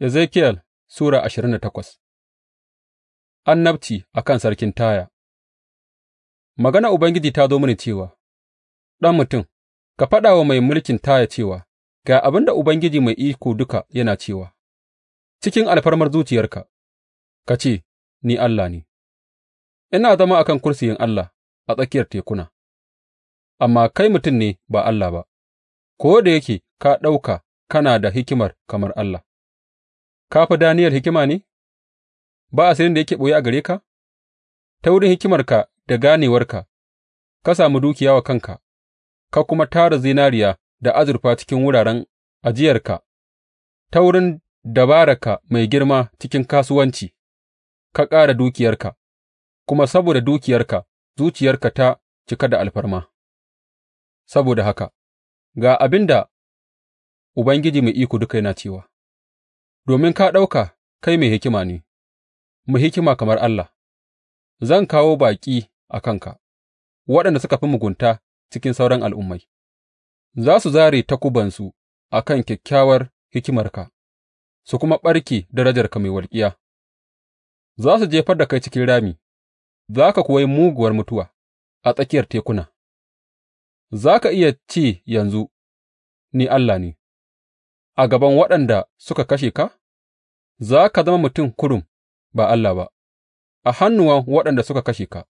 Ezekiyel Sura ashirin da takwas Annabci a kan sarkin Taya Magana Ubangiji ta zo mini cewa, Ɗan mutum, ka faɗa wa mai mulkin Taya cewa, Ga abin da Ubangiji Mai Iko Duka yana cewa, cikin alfarmar zuciyarka, ka ce, Ni allah ne, ina zama a kan kursiyin Allah a tsakiyar tekuna, amma kai mutum ne ba Allah ba, ko da yake ka ɗauka kana da hikimar kamar Allah. Ka fi Daniyel hikima ne, ba asirin da yake ɓoye a gare ka, ta wurin hikimarka da ganewarka ka sami dukiya wa kanka ka kuma tara zinariya da azurfa cikin wuraren ajiyarka, ta wurin dabararka mai girma cikin kasuwanci ka ƙara dukiyarka, kuma saboda dukiyarka zuciyarka ta cika da alfarma. Saboda haka, ga abin da Ubangiji Mai Iko Duka yana cewa. domin ka ɗauka kai mai hikima ne, mai hikima kamar Allah, zan kawo baƙi a kanka, waɗanda suka fi mugunta cikin sauran al'ummai, za su zare takubansu a kan kyakkyawar hikimarka, su kuma ɓarke darajarka mai walƙiya, za su jefar da kai cikin rami, za ka kuwa yi muguwar mutuwa a tsakiyar tekuna, za ka iya ce yanzu, Ni allah ne.’ a gaban waɗanda suka kashe ka? Za ka zama mutum kurum ba Allah ba, a hannuwan waɗanda suka kashe ka,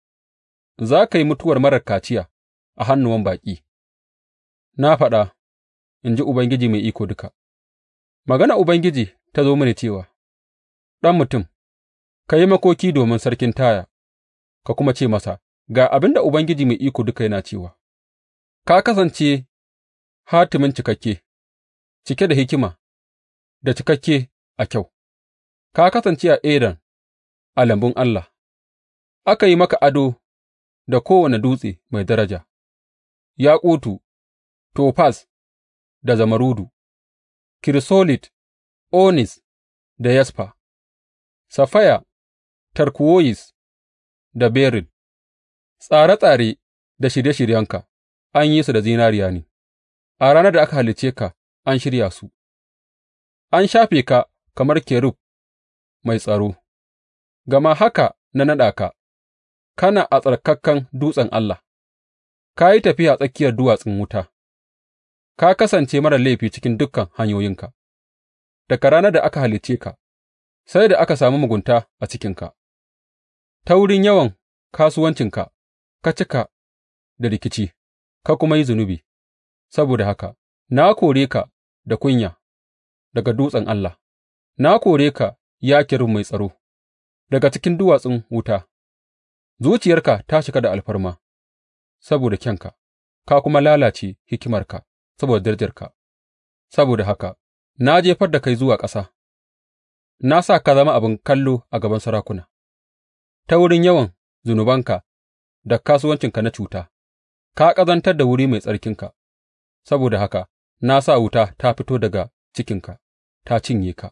za ka yi mutuwar marar kaciya a hannuwan baƙi. Na faɗa, in ji Ubangiji Mai Iko Duka, Magana Ubangiji ta zo mini cewa, Ɗan mutum, ka yi makoki domin sarkin Taya, ka kuma ce masa, Ga abin da Ubangiji Mai Iko Duka yana cewa, Ka kasance hatimin cikakke. cike da hikima da cikakke a kyau, ka kasance a Eden, a lambun Allah, aka yi maka ado da kowane dutse mai daraja, yaƙutu, tofas da zamarudu, kirisolit, onis da yaspa safaya, tarkuwoyis da berin. tsare-tsare da shirye-shiryenka an yi su da zinariya ne a ranar da aka halicce ka. an shirya su, an shafe ka kamar kerub mai tsaro, gama haka na naɗa ka, kana a tsattsarkan dutsen Allah, ka yi tafiya tsakiyar duwatsun wuta, ka kasance marar laifi cikin dukan hanyoyinka, daga ranar da aka halicce ka, sai da aka sami mugunta a cikinka, ta wurin yawan kasuwancinka ka cika da rikici, ka kuma yi zunubi, saboda haka na kore ka da kunya daga dutsen Allah; na kore ka, ya kerub mai tsaro, daga cikin duwatsun wuta; zuciyarka ta shiga da alfarma saboda kyanka ka kuma lalace hikimarka saboda darajarka, saboda haka na jefar da kai zuwa ƙasa na sa ka zama abin kallo a gaban sarakuna ta wurin yawan zunubanka da kasuwancinka na cuta ka ƙazantar da wuri mai tsarkinka, saboda haka. na sa wuta ta fito daga cikinka ta cinye ka;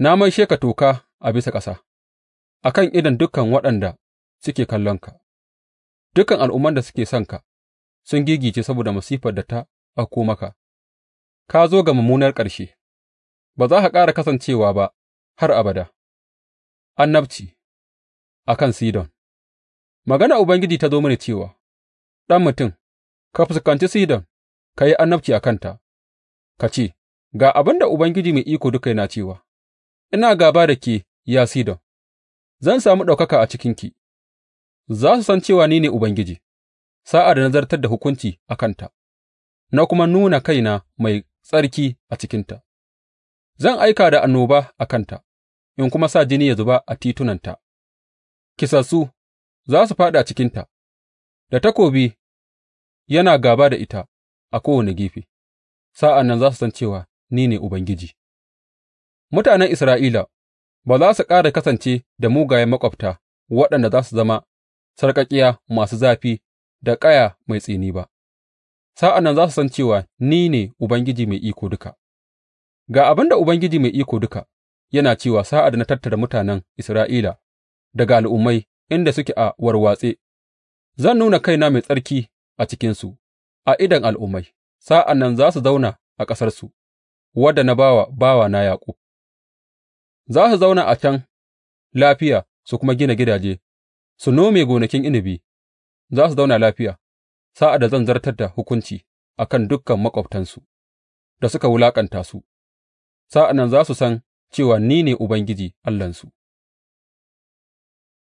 na maishe ka toka a bisa ƙasa, a kan idon dukan waɗanda suke kallonka; dukan al'umman da suke sonka sun giggice saboda masifar da ta auko maka, ka zo ga mummunar ƙarshe, ba za ka ƙara kasancewa ba har abada. Annabci a kan Sidon Magana Ubangiji ta zo mini cewa, Ɗan mutum, ka fuskanci Sidon. ka yi annabci a kanta ka ce, Ga abin da Ubangiji Mai Iko Duka yana cewa, Ina gaba da ke, ya Sidon, zan sami ɗaukaka a cikinki, za su san cewa ni ne Ubangiji, sa'ad da na zartar da hukunci a kanta, na kuma nuna kaina mai tsarki a cikinta, zan aika da annoba a kanta, in kuma sa jini ya zuba a titunanta, kisassu za su faɗa cikinta, da takobi yana gaba da ita, a kowane gefe, sa'an nan za su san cewa ni ne Ubangiji, mutanen Isra'ila ba za su ƙara kasance da mugayen maƙwabta waɗanda za su zama sarƙaƙƙiya masu zafi da ƙaya mai tsini ba, sa'an nan za su san cewa ni ne Ubangiji Mai Iko Duka. Ga abin da Ubangiji Mai Iko Duka yana cewa sa'ad na tattara mutanen Isra'ila daga al'ummai inda suke a warwatse, zan nuna kaina mai tsarki a cikinsu a idon al'ummai, sa'an nan za su zauna a ƙasarsu, wadda na ba wa bawana Yaƙub, za su zauna a can lafiya su kuma gina gidaje, su nome gonakin inabi, za su zauna lafiya sa'ad da zan zartar da hukunci a kan dukan maƙwabtansu da suka wulaƙanta su, sa'an nan za su san cewa ni ne Ubangiji Allahnsu.